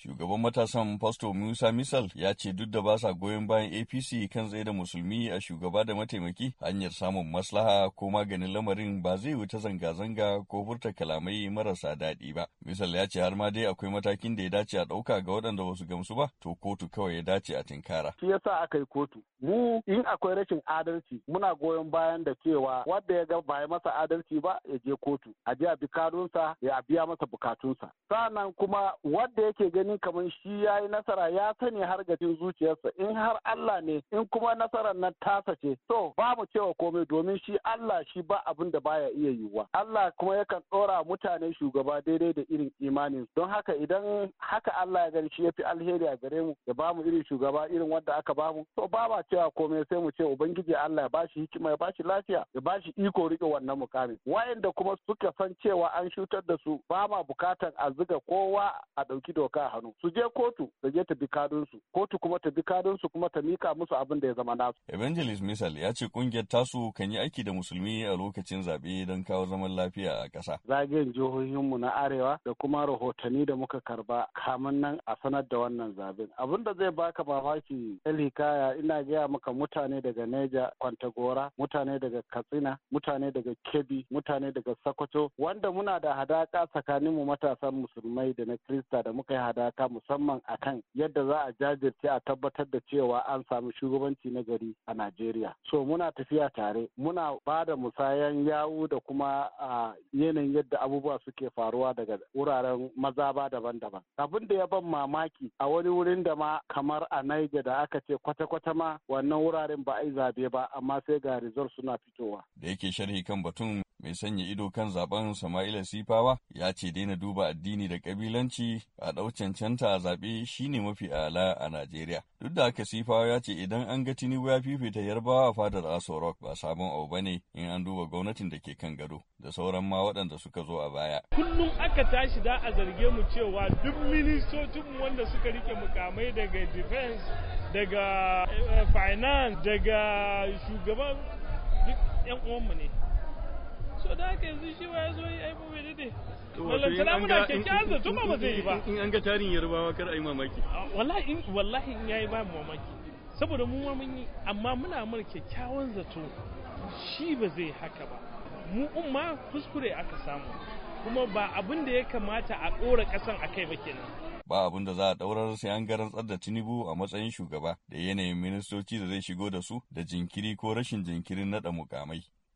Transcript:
Shugaban matasan Fasto Musa Misal ya ce duk da ba sa goyon bayan APC kan tsaye da musulmi a shugaba da mataimaki hanyar samun maslaha ko maganin lamarin ba zai wuce zanga-zanga ko furta kalamai marasa daɗi ba. Misal ya ce har ma dai akwai matakin da ya dace a ɗauka ga waɗanda ba su gamsu ba to kotu kawai ya dace a tinkara. Shi yasa aka yi kotu. Mu in akwai rashin adalci muna goyon bayan da cewa wanda ya ga ba ya masa adalci ba ya je kotu a je a bi kadunsa ya biya masa bukatunsa. Sa'annan kuma wanda yake gani ganin kamar shi ya yi nasara ya sani har gajin zuciyarsa in har Allah ne in kuma nasarar nan tasa ce to ba mu cewa komai domin shi Allah shi ba abin da baya iya yiwuwa Allah kuma yakan ɗora mutane shugaba daidai da irin imanin don haka idan haka Allah ya gani shi ya fi alheri a gare mu ya mu irin shugaba irin wanda aka ba mu, to ba ma cewa komai sai mu ce ubangiji Allah ya bashi hikima ya bashi lafiya ya bashi iko rike wannan mukami wayanda kuma suka san cewa an shutar da su ba ma bukatan a zuga kowa a ɗauki doka hannu su je kotu su je ta bi kadunsu kotu kuma ta bi kadunsu kuma ta mika musu abin da ya zama nasu. Evangelist Misal ya ce kungiyar tasu kan yi aiki da musulmi a lokacin zaɓe don kawo zaman lafiya a ƙasa. Zagayen jihohinmu na arewa da kuma rahotanni da muka karba kamun nan a sanar da wannan zaɓen. Abin da zai baka mamaki hikaya ina gaya maka mutane daga Neja Kwantagora mutane daga Katsina mutane daga Kebbi mutane daga Sokoto wanda muna da hadaka tsakaninmu matasan musulmai da na Krista da muka yi hadaka ta musamman akan yadda za a jajirce a tabbatar da cewa an samu shugabanci na gari a Najeriya. So muna tafiya tare, muna ba da musayan yawu da kuma a yanayin yadda abubuwa suke faruwa daga wuraren maza ba daban-daban. Abin da ya ban mamaki a wani wurin da ma kamar a Niger da aka ce kwata-kwata ma wannan wuraren ba a yi zabe ba amma sai ga result suna fitowa. Da yake sharhi kan batun mai sanya ido kan zaben Sama'ila Sifawa ya ce daina duba addini da kabilanci a ɗau cancanta a zaɓe shine mafi ala a Najeriya. Duk da haka Sifawa ya ce idan an ga Tinubu ya fifita Yarbawa a fadar Aso Rock ba sabon abu ne in an duba gwamnatin da ke kan gado da sauran ma waɗanda suka zo a baya. Kullum aka tashi da a zarge mu cewa duk ministocinmu wanda suka rike mukamai daga defense daga eh, eh, finance daga shugaban duk 'yan uwanmu ne. so da haka yanzu shi wa ya zo yi aibu mai dade ballantana muna kyakkyawan zato ba zai yi ba in an ga tarin yarbawa kar yi mamaki wallahi wallahi in yayi ba mamaki saboda mu ma mun yi amma muna mar kyakkyawan zato shi ba zai haka ba mu umma kuskure aka samu kuma ba abin da ya kamata a ɗora ƙasan a kai ba kenan ba abin da za a ɗaurar sai an garantsar da Tinubu a matsayin shugaba da yanayin ministoci da zai shigo da su da jinkiri ko rashin jinkirin naɗa mukamai.